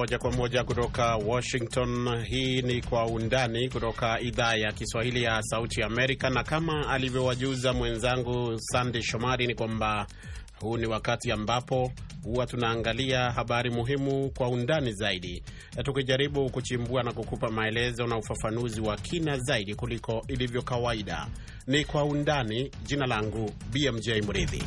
moja kwa moja kutoka Washington. Hii ni Kwa Undani kutoka idhaa ya Kiswahili ya Sauti Amerika, na kama alivyowajuza mwenzangu Sandey Shomari ni kwamba huu ni wakati ambapo huwa tunaangalia habari muhimu kwa undani zaidi, e, tukijaribu kuchimbua na kukupa maelezo na ufafanuzi wa kina zaidi kuliko ilivyo kawaida. Ni Kwa Undani. Jina langu BMJ Mridhi.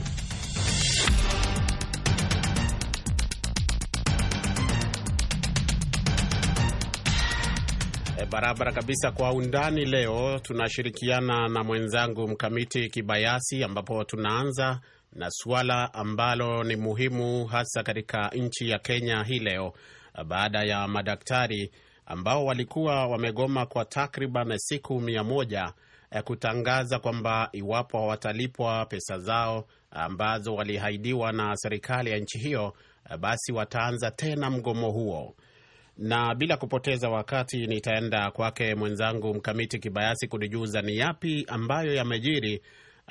Eh, barabara kabisa. Kwa undani leo tunashirikiana na mwenzangu Mkamiti Kibayasi, ambapo tunaanza na suala ambalo ni muhimu hasa katika nchi ya Kenya hii leo eh, baada ya madaktari ambao walikuwa wamegoma kwa takriban siku mia moja eh, kutangaza kwamba iwapo hawatalipwa pesa zao ambazo walihaidiwa na serikali ya nchi hiyo, basi wataanza tena mgomo huo na bila kupoteza wakati nitaenda kwake mwenzangu Mkamiti Kibayasi kunijuza ni yapi ambayo yamejiri.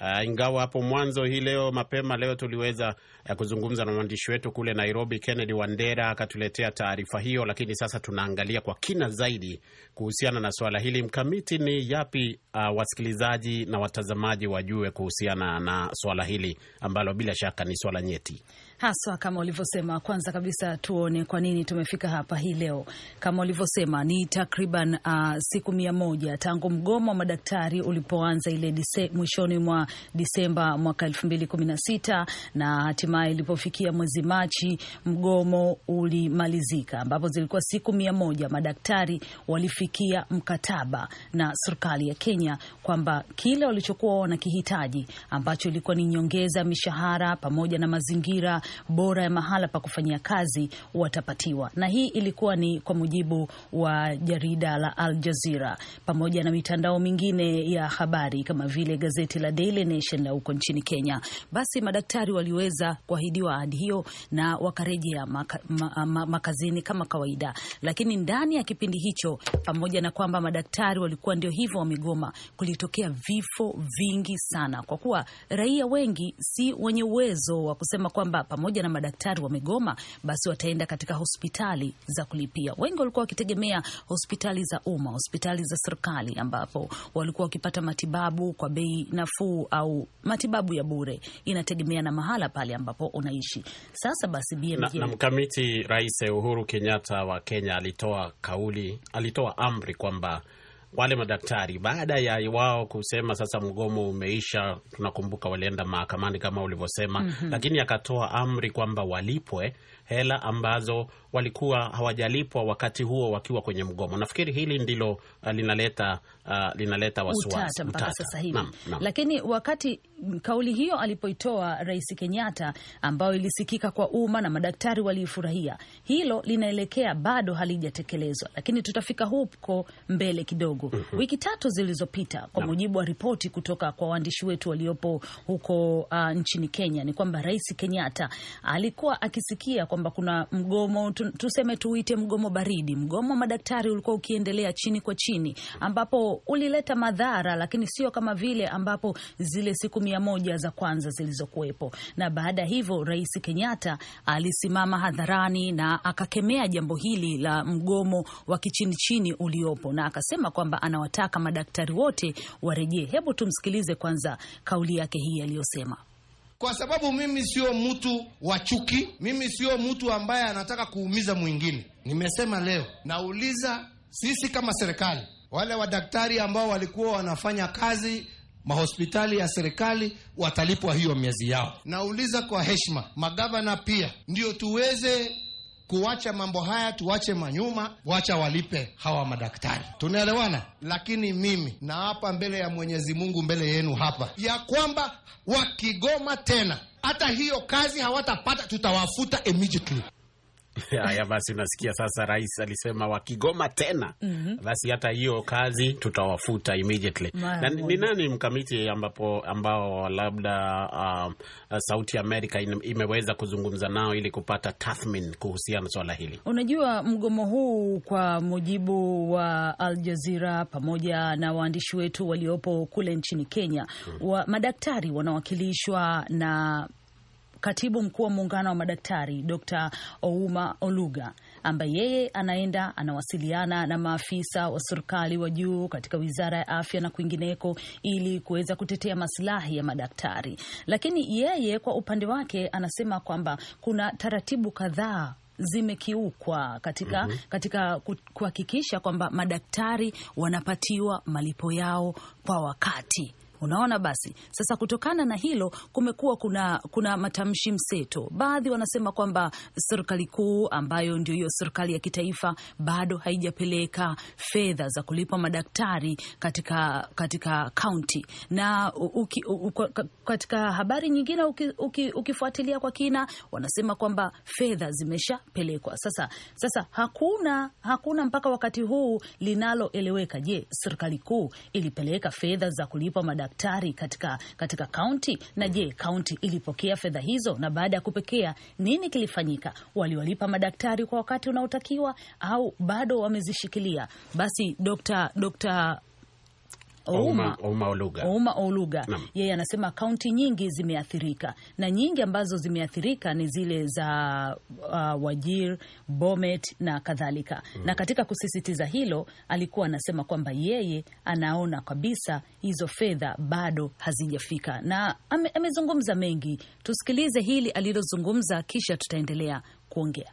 Uh, ingawa hapo mwanzo hii leo mapema leo tuliweza uh, kuzungumza na mwandishi wetu kule Nairobi Kennedy Wandera akatuletea taarifa hiyo, lakini sasa tunaangalia kwa kina zaidi kuhusiana na suala hili. Mkamiti, ni yapi uh, wasikilizaji na watazamaji wajue kuhusiana na suala hili ambalo bila shaka ni swala nyeti? haswa kama ulivyosema. Kwanza kabisa tuone kwa nini tumefika hapa hii leo. Kama ulivyosema, ni takriban uh, siku mia moja tangu mgomo wa madaktari ulipoanza ile dise, mwishoni mwa Disemba mwaka elfu mbili kumi na sita na hatimaye ilipofikia mwezi Machi mgomo ulimalizika, ambapo zilikuwa siku mia moja madaktari walifikia mkataba na serikali ya Kenya kwamba kile walichokuwa wanakihitaji ambacho ilikuwa ni nyongeza mishahara pamoja na mazingira bora ya mahala pa kufanyia kazi watapatiwa. Na hii ilikuwa ni kwa mujibu wa jarida la Al Jazeera pamoja na mitandao mingine ya habari kama vile gazeti la Daily Nation la huko nchini Kenya. Basi madaktari waliweza kuahidiwa ahadi hiyo na wakarejea maka, ma, ma, makazini kama kawaida, lakini ndani ya kipindi hicho, pamoja na kwamba madaktari walikuwa ndio hivyo wamegoma, kulitokea vifo vingi sana, kwa kuwa raia wengi si wenye uwezo wa kusema kwamba pamoja na madaktari wamegoma, basi wataenda katika hospitali za kulipia. Wengi walikuwa wakitegemea hospitali za umma, hospitali za serikali, ambapo walikuwa wakipata matibabu kwa bei nafuu au matibabu ya bure, inategemea na mahala pale ambapo unaishi. Sasa basi Na, na mkamiti Rais Uhuru Kenyatta wa Kenya alitoa kauli, alitoa amri kwamba wale madaktari baada ya wao kusema sasa mgomo umeisha, tunakumbuka walienda mahakamani kama ulivyosema, mm -hmm. Lakini akatoa amri kwamba walipwe hela ambazo walikuwa hawajalipwa wakati huo wakiwa kwenye mgomo. Nafikiri hili ndilo uh, linaleta uh, linaleta wasiwasi mpaka sasa hivi, lakini wakati kauli hiyo alipoitoa Rais Kenyatta, ambayo ilisikika kwa umma na madaktari waliifurahia, hilo linaelekea bado halijatekelezwa, lakini tutafika huko mbele kidogo. mm -hmm. Wiki tatu zilizopita, kwa mujibu wa ripoti kutoka kwa waandishi wetu waliopo huko uh, nchini Kenya, ni kwamba Rais Kenyatta alikuwa akisikia kwamba kuna mgomo tuseme, tuite mgomo baridi, mgomo madaktari ulikuwa ukiendelea chini kwa chini, ambapo ulileta madhara, lakini sio kama vile ambapo zile siku mia moja za kwanza zilizokuwepo. Na baada ya hivyo, Rais Kenyatta alisimama hadharani na akakemea jambo hili la mgomo wa kichini chini uliopo, na akasema kwamba anawataka madaktari wote warejee. Hebu tumsikilize kwanza kauli yake hii aliyosema kwa sababu mimi sio mtu wa chuki, mimi sio mtu ambaye anataka kuumiza mwingine. Nimesema leo nauliza, sisi kama serikali, wale wadaktari ambao walikuwa wanafanya kazi mahospitali ya serikali watalipwa hiyo miezi yao. Nauliza kwa heshima, magavana pia ndio tuweze kuwacha mambo haya, tuwache manyuma, wacha walipe hawa madaktari. Tunaelewana? Lakini mimi na hapa mbele ya Mwenyezi Mungu, mbele yenu hapa, ya kwamba wakigoma tena hata hiyo kazi hawatapata, tutawafuta immediately. Haya basi, nasikia sasa rais alisema wakigoma tena mm -hmm. Basi hata hiyo kazi tutawafuta immediately. Na ni nani mkamiti ambapo ambao labda uh, Sauti Amerika imeweza kuzungumza nao ili kupata tathmin kuhusiana swala hili? Unajua, mgomo huu kwa mujibu wa Al Jazeera pamoja na waandishi wetu waliopo kule nchini Kenya mm -hmm. wa, madaktari wanawakilishwa na katibu mkuu wa muungano wa madaktari Dr. Ouma Oluga ambaye yeye anaenda anawasiliana na maafisa wa serikali wa juu katika wizara ya afya na kwingineko ili kuweza kutetea masilahi ya madaktari. Lakini yeye kwa upande wake anasema kwamba kuna taratibu kadhaa zimekiukwa katika, mm -hmm. katika kuhakikisha kwamba madaktari wanapatiwa malipo yao kwa wakati Unaona, basi sasa, kutokana na hilo kumekuwa kuna, kuna matamshi mseto. Baadhi wanasema kwamba serikali kuu ambayo ndio hiyo serikali ya kitaifa bado haijapeleka fedha za kulipa madaktari katika katika kaunti na uki, u, katika habari nyingine uki, uki, ukifuatilia kwa kina wanasema kwamba fedha zimeshapelekwa. Sasa sasa hakuna hakuna mpaka wakati huu linaloeleweka. Je, serikali kuu ilipeleka fedha za kulipa madaktari madaktari katika katika kaunti na je, kaunti ilipokea fedha hizo? Na baada ya kupokea, nini kilifanyika? Waliwalipa madaktari kwa wakati unaotakiwa au bado wamezishikilia? Basi Dr. Dr. Ouma, Ouma Oluga, Ouma Oluga. Yeye anasema kaunti nyingi zimeathirika na nyingi ambazo zimeathirika ni zile za uh, Wajir, Bomet na kadhalika mm. Na katika kusisitiza hilo alikuwa anasema kwamba yeye anaona kabisa hizo fedha bado hazijafika, na ame, amezungumza mengi. Tusikilize hili alilozungumza, kisha tutaendelea kuongea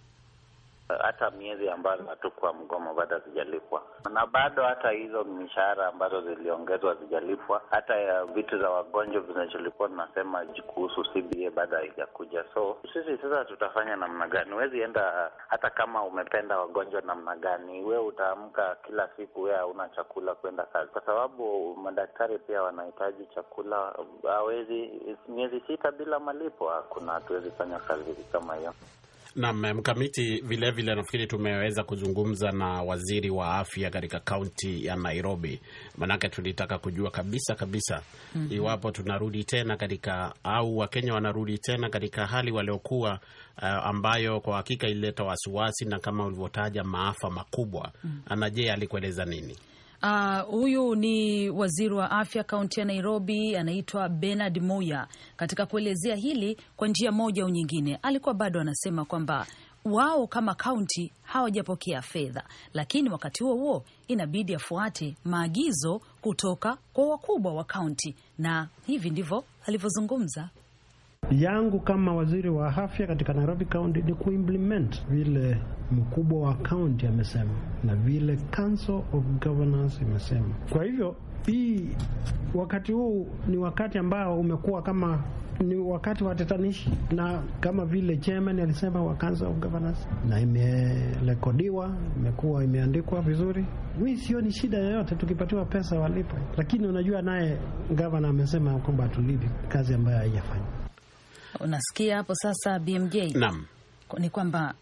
hata miezi ambazo hatukuwa mgomo bado hazijalipwa, na bado hata hizo mishahara ambazo ziliongezwa hazijalipwa. Hata vitu za wagonjwa vinacholikuwa tunasema kuhusu CBA bado haijakuja. So sisi sasa tutafanya namna gani? Huwezi enda hata kama umependa wagonjwa namna gani, we utaamka kila siku we hauna chakula kwenda kazi, kwa sababu madaktari pia wanahitaji chakula. Hawezi miezi sita bila malipo, hakuna, hatuwezi fanya kazi kama hiyo nam eh, mkamiti vilevile, nafikiri tumeweza kuzungumza na waziri wa afya katika kaunti ya Nairobi, manake tulitaka kujua kabisa kabisa mm -hmm. iwapo tunarudi tena katika au Wakenya wanarudi tena katika hali waliokuwa uh, ambayo kwa hakika ilileta wasiwasi na kama ulivyotaja maafa makubwa mm -hmm. anaje alikueleza nini? Uh, huyu uh, ni waziri wa afya kaunti ya Nairobi, anaitwa Bernard moya Katika kuelezea hili kwa njia moja au nyingine, alikuwa bado anasema kwamba wao kama kaunti hawajapokea fedha, lakini wakati huo huo inabidi afuate maagizo kutoka kwa wakubwa wa kaunti, na hivi ndivyo alivyozungumza yangu kama waziri wa afya katika Nairobi County ni kuimplement vile mkubwa wa kaunti amesema na vile Council of Governors imesema. Kwa hivyo hii wakati huu ni wakati ambao umekuwa kama ni wakati wa tetanishi, na kama vile chairman alisema wa Council of Governors, na imerekodiwa, imekuwa imeandikwa vizuri. Mi sioni shida yoyote, tukipatiwa pesa walipo, lakini unajua naye gavana amesema kwamba tulipi kazi ambayo haijafanya Unasikia hapo sasa BMJ? Naam, ni kwamba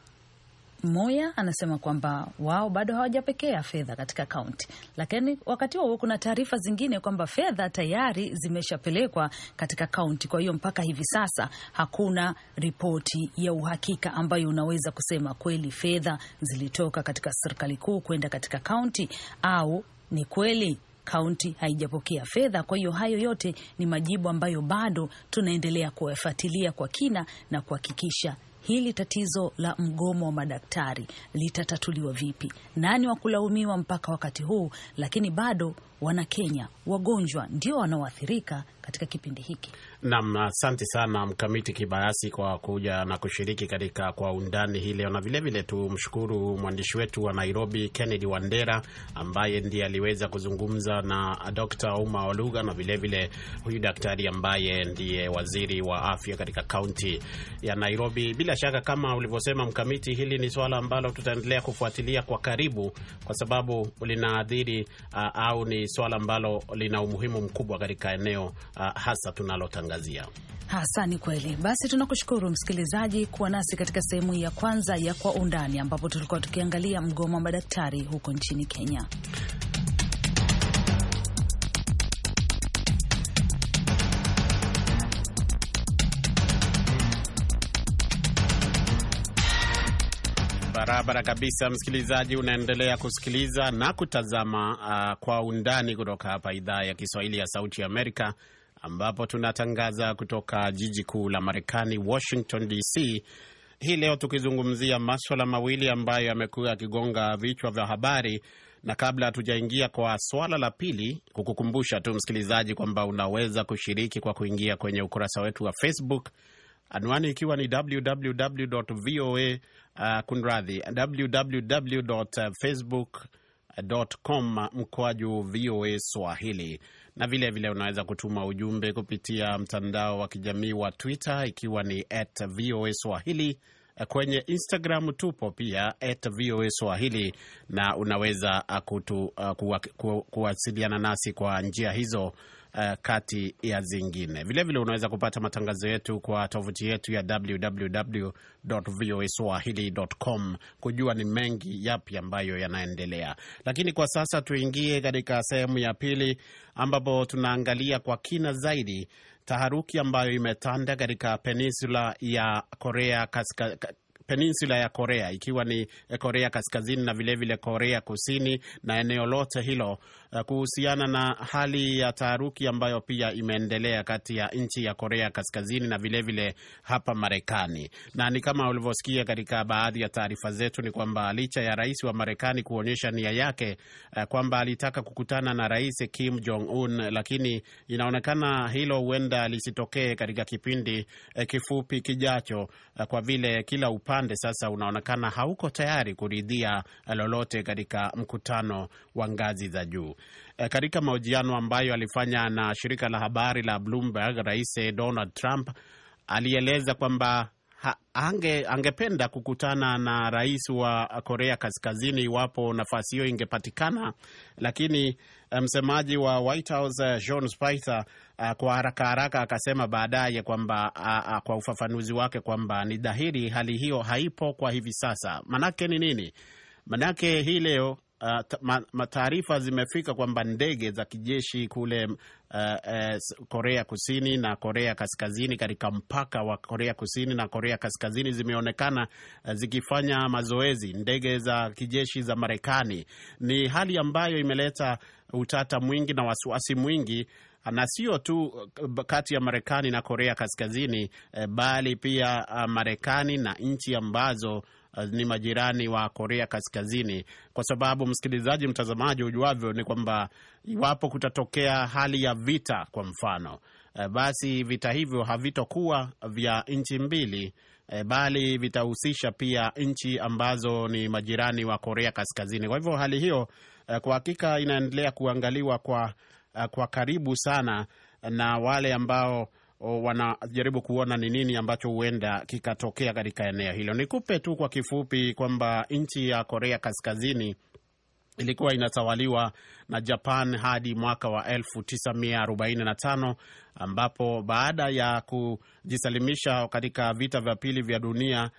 Moya anasema kwamba wao bado hawajapekea fedha katika kaunti, lakini wakati huo kuna taarifa zingine kwamba fedha tayari zimeshapelekwa katika kaunti. Kwa hiyo mpaka hivi sasa hakuna ripoti ya uhakika ambayo unaweza kusema kweli fedha zilitoka katika serikali kuu kwenda katika kaunti au ni kweli kaunti haijapokea fedha. Kwa hiyo hayo yote ni majibu ambayo bado tunaendelea kuyafuatilia kwa kina na kuhakikisha hili tatizo la mgomo wa madaktari litatatuliwa vipi, nani wa kulaumiwa mpaka wakati huu. Lakini bado Wanakenya wagonjwa ndio wanaoathirika katika kipindi hiki. Naam, asante sana Mkamiti Kibayasi kwa kuja na kushiriki katika kwa undani hii leo, na vilevile tumshukuru mwandishi wetu wa Nairobi Kennedy Wandera ambaye ndiye aliweza kuzungumza na Dr. Uma Oluga na vilevile huyu daktari ambaye ndiye waziri wa afya katika kaunti ya Nairobi. Bila shaka kama ulivyosema Mkamiti, hili ni swala ambalo tutaendelea kufuatilia kwa karibu, kwa sababu linaadhiri uh, au ni swala ambalo lina umuhimu mkubwa katika eneo uh, hasa tunalotangazia hasa ni kweli. Basi tunakushukuru msikilizaji kuwa nasi katika sehemu ya kwanza ya Kwa Undani, ambapo tulikuwa tukiangalia mgomo wa madaktari huko nchini Kenya. Barabara kabisa, msikilizaji, unaendelea kusikiliza na kutazama uh, Kwa Undani kutoka hapa idhaa ya Kiswahili ya Sauti ya Amerika ambapo tunatangaza kutoka jiji kuu la Marekani, Washington DC, hii leo tukizungumzia maswala mawili ambayo yamekuwa yakigonga vichwa vya habari. Na kabla hatujaingia kwa swala la pili, kukukumbusha tu msikilizaji kwamba unaweza kushiriki kwa kuingia kwenye ukurasa wetu wa Facebook, anwani ikiwa ni www voa uh, kunradhi www facebook com voa swahili na vilevile vile unaweza kutuma ujumbe kupitia mtandao wa kijamii wa Twitter ikiwa ni at VOA Swahili. Kwenye Instagram tupo pia at VOA Swahili, na unaweza kutu, uh, kuwa, ku, kuwasiliana nasi kwa njia hizo uh, kati ya zingine. Vilevile unaweza kupata matangazo yetu kwa tovuti yetu ya www.voaswahili.com kujua ni mengi yapi ambayo yanaendelea, lakini kwa sasa tuingie katika sehemu ya pili ambapo tunaangalia kwa kina zaidi taharuki ambayo imetanda katika peninsula ya Korea kaskazini peninsula ya Korea, ikiwa ni eh, Korea Kaskazini na vilevile vile Korea Kusini na eneo lote hilo, eh, kuhusiana na hali ya taharuki ambayo pia imeendelea kati ya nchi ya Korea Kaskazini na vilevile vile hapa Marekani. Na ni kama ulivyosikia katika baadhi ya taarifa zetu, ni kwamba licha ya rais wa Marekani kuonyesha nia yake eh, kwamba alitaka kukutana na Rais Kim Jong Un, lakini inaonekana hilo huenda lisitokee katika kipindi kifupi kijacho, kwa vile kila upande upande sasa unaonekana hauko tayari kuridhia lolote katika mkutano wa ngazi za juu. E, katika mahojiano ambayo alifanya na shirika la habari la Bloomberg, Rais Donald Trump alieleza kwamba ange, angependa kukutana na rais wa Korea Kaskazini iwapo nafasi hiyo ingepatikana, lakini eh, msemaji wa White House eh, John Spicer uh, eh, kwa haraka haraka akasema baadaye kwamba uh, uh, kwa ufafanuzi wake kwamba ni dhahiri hali hiyo haipo kwa hivi sasa. Manake ni nini? Manake hii leo uh, taarifa zimefika kwamba ndege za kijeshi kule uh, uh, Korea Kusini na Korea Kaskazini katika mpaka wa Korea Kusini na Korea Kaskazini zimeonekana uh, zikifanya mazoezi, ndege za kijeshi za Marekani. Ni hali ambayo imeleta utata mwingi na wasiwasi mwingi uh, na sio tu uh, kati ya Marekani na Korea Kaskazini, uh, bali pia Marekani na nchi ambazo Eh, ni majirani wa Korea Kaskazini, kwa sababu msikilizaji, mtazamaji, ujuavyo ni kwamba iwapo kutatokea hali ya vita, kwa mfano, eh, basi vita hivyo havitokuwa vya nchi mbili E, bali vitahusisha pia nchi ambazo ni majirani wa Korea Kaskazini. Kwa hivyo hali hiyo e, kwa hakika inaendelea kuangaliwa kwa, kwa karibu sana na wale ambao wanajaribu kuona ni nini ambacho huenda kikatokea katika eneo hilo. Nikupe tu kwa kifupi kwamba nchi ya Korea Kaskazini ilikuwa inatawaliwa na Japan hadi mwaka wa 1945 ambapo baada ya kujisalimisha katika vita vya pili vya dunia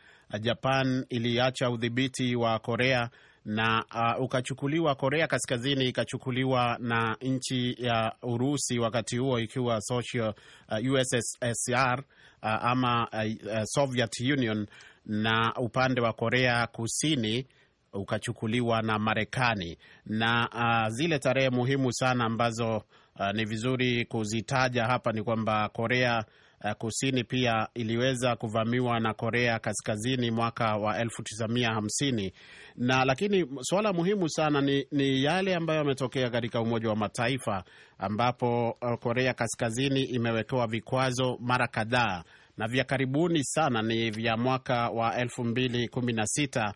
Japan iliacha udhibiti wa Korea na uh, ukachukuliwa Korea Kaskazini ikachukuliwa na nchi ya Urusi wakati huo ikiwa social uh, USSR uh, ama uh, Soviet Union na upande wa Korea Kusini ukachukuliwa na Marekani na uh, zile tarehe muhimu sana ambazo uh, ni vizuri kuzitaja hapa ni kwamba Korea Eh, kusini pia iliweza kuvamiwa na Korea Kaskazini mwaka wa 1950 na lakini suala muhimu sana ni, ni yale ambayo yametokea katika Umoja wa Mataifa ambapo eh, Korea Kaskazini imewekewa vikwazo mara kadhaa na vya karibuni sana ni vya mwaka wa 2016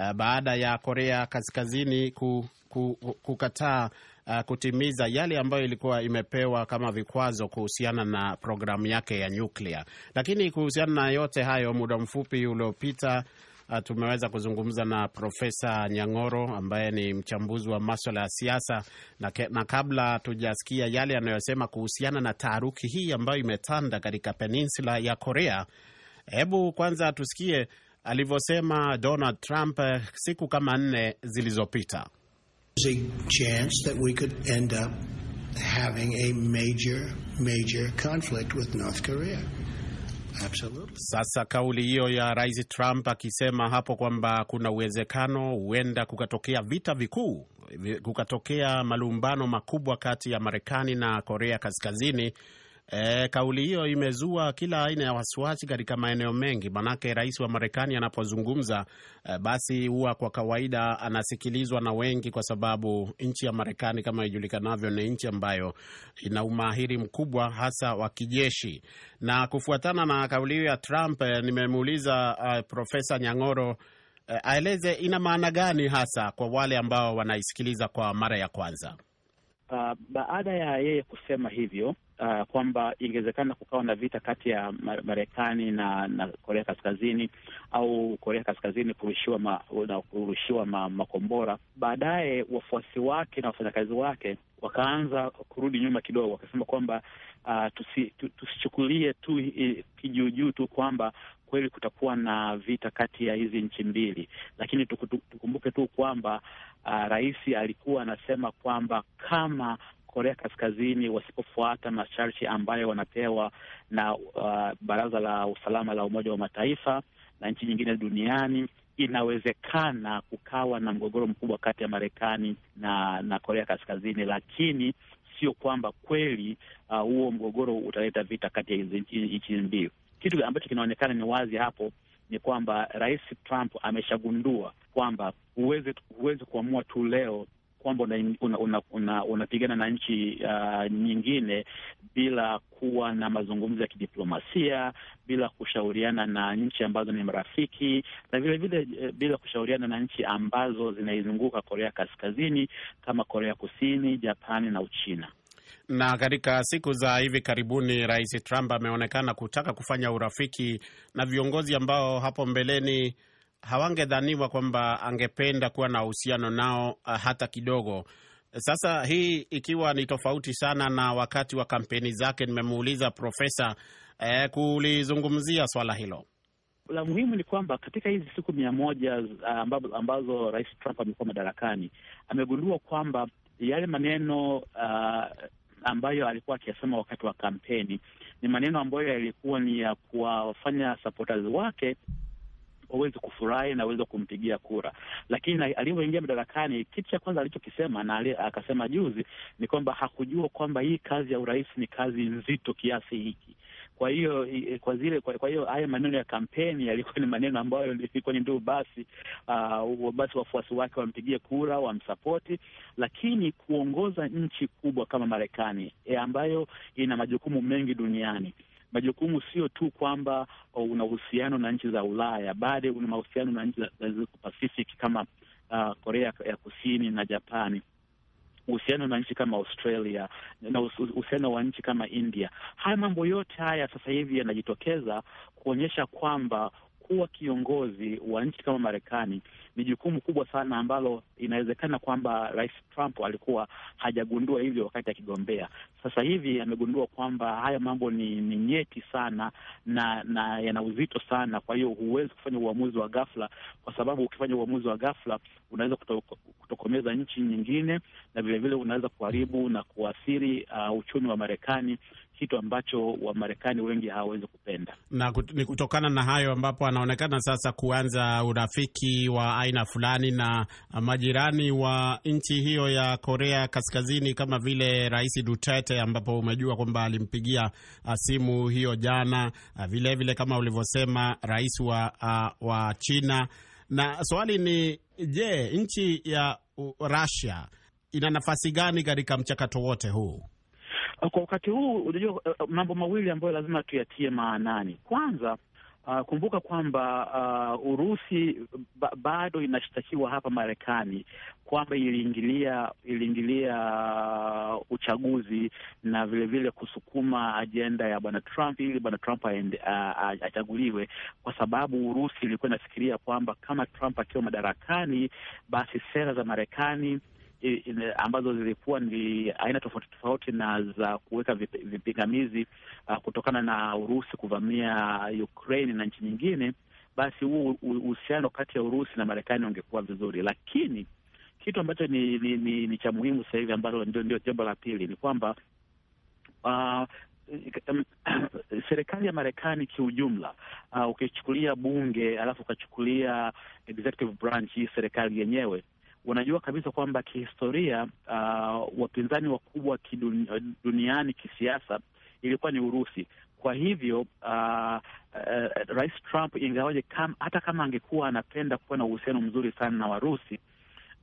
eh, baada ya Korea Kaskazini ku, ku, ku, kukataa uh, kutimiza yale ambayo ilikuwa imepewa kama vikwazo kuhusiana na programu yake ya nyuklia. Lakini kuhusiana na yote hayo, muda mfupi uliopita uh, tumeweza kuzungumza na Profesa Nyang'oro ambaye ni mchambuzi wa maswala ya siasa na, na kabla tujasikia yale yanayosema kuhusiana na taharuki hii ambayo imetanda katika peninsula ya Korea, hebu kwanza tusikie alivyosema Donald Trump uh, siku kama nne zilizopita. There's a chance that we could end up having a major, major conflict with North Korea. Absolutely. Sasa kauli hiyo ya Rais Trump akisema hapo kwamba kuna uwezekano huenda kukatokea vita vikuu, kukatokea malumbano makubwa kati ya Marekani na Korea Kaskazini E, kauli hiyo imezua kila aina ya wasiwasi katika maeneo mengi, manake rais wa Marekani anapozungumza e, basi huwa kwa kawaida anasikilizwa na wengi, kwa sababu nchi ya Marekani kama ijulikanavyo ni nchi ambayo ina umahiri mkubwa hasa wa kijeshi. Na kufuatana na kauli hiyo ya Trump e, nimemuuliza e, Profesa Nyang'oro e, aeleze ina maana gani hasa kwa wale ambao wanaisikiliza kwa mara ya kwanza. Uh, baada ya yeye kusema hivyo uh, kwamba ingewezekana kukawa na vita kati ya Marekani na, na Korea Kaskazini au Korea Kaskazini kurushiwa ma, na kurushiwa ma, makombora. Baadaye wafuasi wake na wafanyakazi wake wakaanza kurudi nyuma kidogo, wakasema kwamba uh, tusichukulie tu kijuujuu tu kwamba kweli kutakuwa na vita kati ya hizi nchi mbili, lakini tukumbuke tu kwamba uh, rais alikuwa anasema kwamba kama Korea Kaskazini wasipofuata masharti ambayo wanapewa na uh, Baraza la Usalama la Umoja wa Mataifa na nchi nyingine duniani, inawezekana kukawa na mgogoro mkubwa kati ya Marekani na, na Korea Kaskazini, lakini sio kwamba kweli uh, huo uh, mgogoro utaleta vita kati ya nchi mbili. Kitu ambacho kinaonekana ni wazi hapo ni kwamba Rais Trump ameshagundua kwamba huwezi kuamua tu leo kwamba unapigana una, una, una na nchi uh, nyingine bila kuwa na mazungumzo ya kidiplomasia, bila kushauriana na nchi ambazo ni marafiki, na vilevile vile, eh, bila kushauriana na nchi ambazo zinaizunguka Korea Kaskazini kama Korea Kusini, Japani na Uchina. Na katika siku za hivi karibuni, Rais Trump ameonekana kutaka kufanya urafiki na viongozi ambao hapo mbeleni hawangedhaniwa kwamba angependa kuwa na uhusiano nao uh, hata kidogo. Sasa hii ikiwa ni tofauti sana na wakati wa kampeni zake. Nimemuuliza profesa eh, kulizungumzia swala hilo. La muhimu ni kwamba katika hizi siku mia moja uh, ambazo, ambazo rais Trump amekuwa madarakani amegundua kwamba yale maneno uh, ambayo alikuwa akiyasema wakati wa kampeni ni maneno ambayo yalikuwa ni ya kuwafanya supporters wake waweze kufurahi na waweze kumpigia kura. Lakini alivyoingia madarakani, kitu cha kwanza alichokisema na akasema juzi ni kwamba hakujua kwamba hii kazi ya urais ni kazi nzito kiasi hiki. Kwa hiyo kwa zile, kwa hiyo haya maneno ya kampeni yalikuwa ni maneno ambayo ilikuwa ni ndio basi, uh, basi wafuasi wake wampigie kura, wamsapoti. Lakini kuongoza nchi kubwa kama Marekani e, ambayo ina majukumu mengi duniani majukumu sio tu kwamba uh, una uhusiano na nchi za Ulaya, bado una mahusiano na nchi za Pacific kama uh, Korea ya Kusini na Japani, uhusiano na nchi kama Australia na uhusiano wa nchi kama India. Haya mambo yote haya sasa hivi yanajitokeza kuonyesha kwamba kuwa kiongozi wa nchi kama Marekani ni jukumu kubwa sana ambalo inawezekana kwamba Rais Trump alikuwa hajagundua hivyo wakati akigombea. Sasa hivi amegundua kwamba haya mambo ni, ni nyeti sana na na yana uzito sana. Kwa hiyo huwezi kufanya uamuzi wa ghafla, kwa sababu ukifanya uamuzi wa ghafla unaweza kutokomeza nchi nyingine na vilevile unaweza kuharibu na kuathiri uh, uchumi wa Marekani kitu ambacho Wamarekani wengi hawawezi kupenda, na ni kutokana na hayo ambapo anaonekana sasa kuanza urafiki wa aina fulani na majirani wa nchi hiyo ya Korea Kaskazini kama vile Rais Duterte, ambapo umejua kwamba alimpigia uh, simu hiyo jana, vilevile uh, vile kama ulivyosema rais wa, uh, wa China. Na swali ni je, nchi ya uh, Russia ina nafasi gani katika mchakato wote huu? Uh, kwa wakati huu unajua, uh, uh, mambo mawili ambayo lazima tuyatie maanani. Kwanza uh, kumbuka kwamba uh, Urusi ba bado inashtakiwa hapa Marekani kwamba iliingilia iliingilia uh, uchaguzi na vilevile vile kusukuma ajenda ya bwana Trump ili bwana Trump achaguliwe, uh, kwa sababu Urusi ilikuwa inafikiria kwamba kama Trump akiwa madarakani, basi sera za Marekani ambazo zilikuwa ni aina tofauti tofauti na za kuweka vipingamizi uh, kutokana na Urusi kuvamia Ukraine na nchi nyingine, basi huu uhusiano kati ya Urusi na Marekani ungekuwa vizuri, lakini kitu ambacho ni, ni, ni, ni cha muhimu sasa hivi ambalo ndio ndio jambo la pili ni kwamba uh, serikali ya Marekani kiujumla, uh, ukichukulia bunge alafu ukachukulia executive branch, hii serikali yenyewe Unajua kabisa kwamba kihistoria, uh, wapinzani wakubwa kidun, duniani kisiasa ilikuwa ni Urusi. Kwa hivyo uh, uh, Rais Trump ingawaje kam, hata kama angekuwa anapenda kuwa na uhusiano mzuri sana na Warusi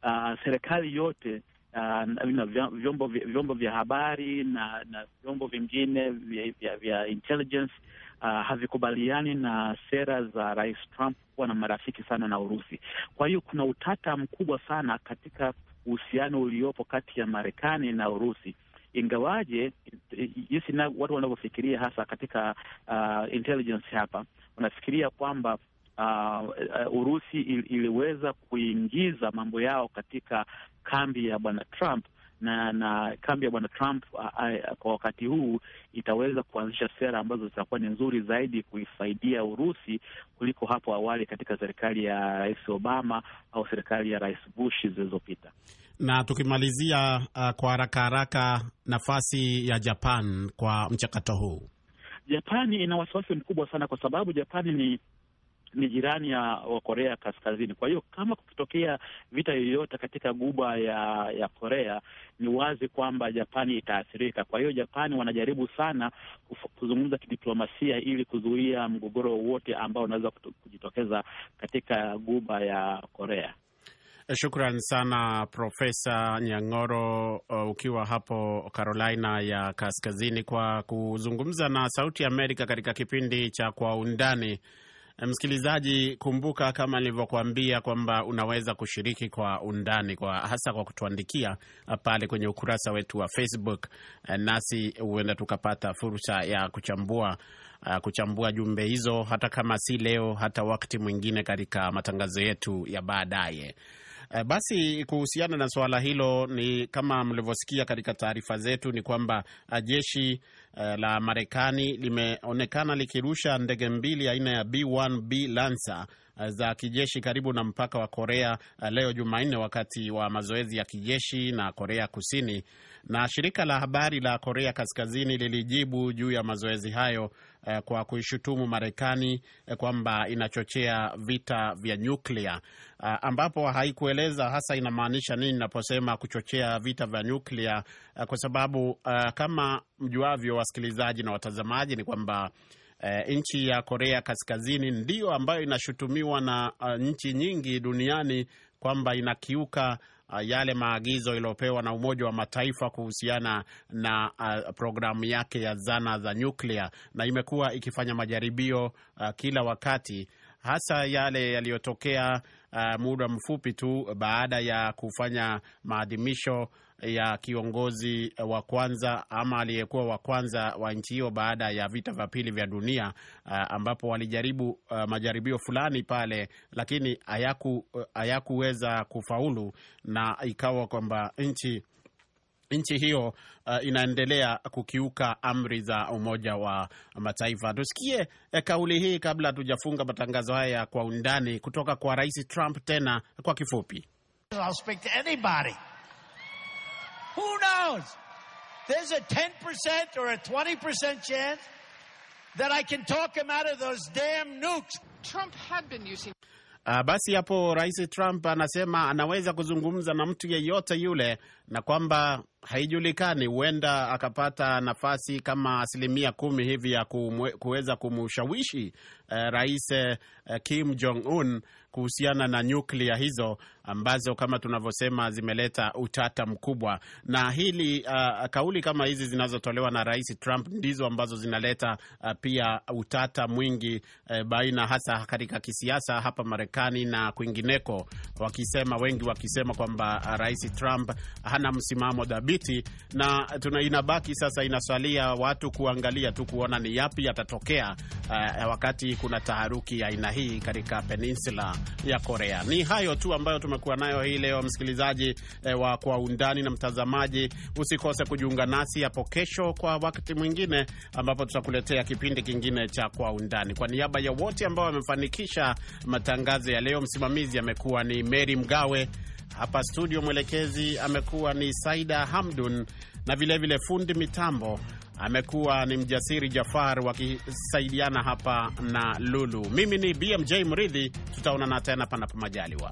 uh, serikali yote uh, na vyombo, vyombo vya habari na, na vyombo vingine vya, vya, vya intelligence uh, havikubaliani na sera za Rais Trump kuwa na marafiki sana na Urusi. Kwa hiyo kuna utata mkubwa sana katika uhusiano uliopo kati ya Marekani na Urusi ingawaje jinsi watu wanavyofikiria hasa katika uh, intelligence hapa wanafikiria kwamba uh, uh, Urusi il, iliweza kuingiza mambo yao katika kambi ya bwana Trump na na kambi ya bwana Trump a, a, kwa wakati huu itaweza kuanzisha sera ambazo zitakuwa ni nzuri zaidi kuisaidia Urusi kuliko hapo awali katika serikali ya Rais Obama au serikali ya Rais Bush zilizopita. Na tukimalizia uh, kwa haraka haraka, nafasi ya Japan kwa mchakato huu. Japani ina wasiwasi mkubwa sana kwa sababu Japani ni ni jirani ya wa Korea Kaskazini. Kwa hiyo kama kukitokea vita yoyote katika guba ya ya Korea, ni wazi kwamba Japani itaathirika. Kwa hiyo Japani wanajaribu sana kuzungumza kidiplomasia ili kuzuia mgogoro wowote ambao unaweza kujitokeza katika guba ya Korea. Eh, shukran sana Profesa Nyang'oro, uh, ukiwa hapo Carolina ya Kaskazini, kwa kuzungumza na Sauti Amerika katika kipindi cha Kwa Undani. Eh, msikilizaji, kumbuka kama nilivyokuambia kwamba unaweza kushiriki kwa undani kwa hasa kwa kutuandikia eh, pale kwenye ukurasa wetu wa Facebook, eh, nasi huenda tukapata fursa ya kuchambua kuchambua jumbe hizo, hata kama si leo, hata wakati mwingine katika matangazo yetu ya baadaye. Eh, basi kuhusiana na suala hilo, ni kama mlivyosikia katika taarifa zetu, ni kwamba eh, jeshi eh, la Marekani limeonekana likirusha ndege mbili aina ya B1B Lancer za kijeshi karibu na mpaka wa Korea leo Jumanne, wakati wa mazoezi ya kijeshi na Korea Kusini, na shirika la habari la Korea Kaskazini lilijibu juu ya mazoezi hayo eh, kwa kuishutumu Marekani eh, kwamba inachochea vita vya nyuklia ah, ambapo haikueleza hasa inamaanisha nini naposema kuchochea vita vya nyuklia eh, kwa sababu eh, kama mjuavyo wasikilizaji na watazamaji ni kwamba eh, nchi ya Korea Kaskazini ndiyo ambayo inashutumiwa na uh, nchi nyingi duniani kwamba inakiuka Uh, yale maagizo iliyopewa na Umoja wa Mataifa kuhusiana na uh, programu yake ya zana za nyuklia, na imekuwa ikifanya majaribio uh, kila wakati hasa yale yaliyotokea uh, muda mfupi tu baada ya kufanya maadhimisho ya kiongozi wa kwanza ama aliyekuwa wa kwanza wa nchi hiyo baada ya vita vya pili vya dunia, uh, ambapo walijaribu uh, majaribio fulani pale, lakini hayaku uh, hayakuweza kufaulu na ikawa kwamba nchi nchi hiyo uh, inaendelea kukiuka amri za Umoja wa Mataifa. Tusikie eh, kauli hii kabla hatujafunga matangazo haya kwa undani kutoka kwa Rais Trump, tena kwa kifupi. pounds. There's a 10% or a 20% chance that I can talk him out of those damn nukes. Trump had been using... Uh, basi hapo Rais Trump anasema anaweza kuzungumza na mtu yeyote yule na kwamba haijulikani, huenda akapata nafasi kama asilimia kumi hivi ya kumwe, kuweza kumshawishi eh, rais eh, Kim Jong Un kuhusiana na nyuklia hizo ambazo kama tunavyosema zimeleta utata mkubwa. Na hili uh, kauli kama hizi zinazotolewa na rais Trump ndizo ambazo zinaleta uh, pia utata mwingi uh, baina hasa katika kisiasa hapa Marekani na kwingineko, wakisema wengi wakisema kwamba uh, rais Trump hana msimamo dhabiti, na tuna inabaki sasa, inasalia watu kuangalia tu kuona ni yapi yatatokea, uh, wakati kuna taharuki ya aina hii katika peninsula ya Korea. Ni hayo tu ambayo tumekuwa nayo hii leo, msikilizaji eh, wa kwa undani na mtazamaji, usikose kujiunga nasi hapo kesho kwa wakati mwingine, ambapo tutakuletea kipindi kingine cha kwa undani. Kwa niaba ya wote ambao wamefanikisha matangazo ya leo, msimamizi amekuwa ni Mary Mgawe. Hapa studio mwelekezi amekuwa ni Saida Hamdun, na vilevile vile fundi mitambo amekuwa ni Mjasiri Jafar, wakisaidiana hapa na Lulu. Mimi ni BMJ Mridhi, tutaonana tena panapo majaliwa.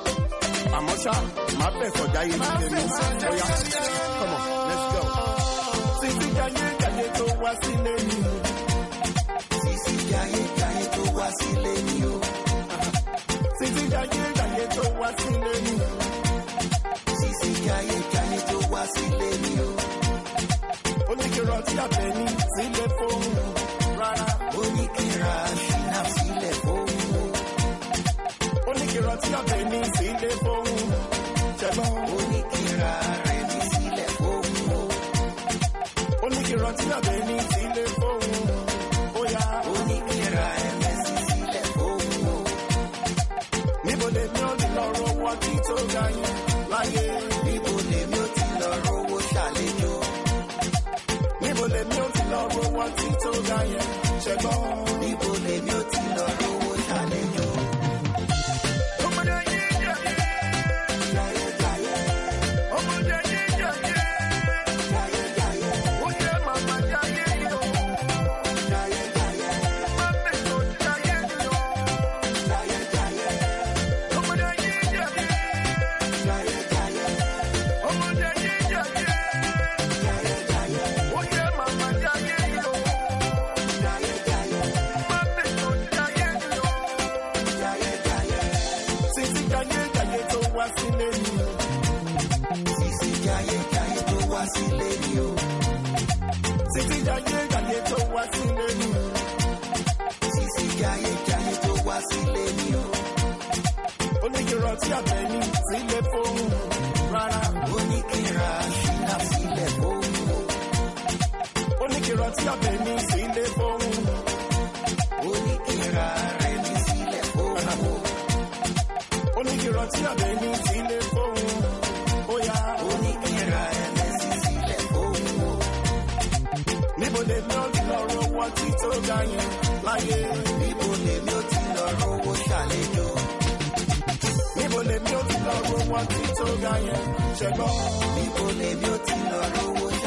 àmọ́ ṣá for bẹ̀fọ̀ jáyé ní tèmi bóyá come on let's go. Sisi jayé jayé tó wá sílé mi o. Sisi jayé jayé tó wá sílé mi o. Sisi jayé jayé tó wá sílé mi o. Sisi jayé jayé tó wá sílé mi o. Ó ní kí n rántí Don't wá sílé mi o. Sisi jayé jayé tó wá sílé mi o. Sisi jayé jayé tó wá sílé mi o. Sisi jayé jayé tó wá sílé mi o. Ó ní irọ́ tí àtẹ̀yìn sílé fún. láyé láyé. níbo lèmi ó ti lọ rówó salejo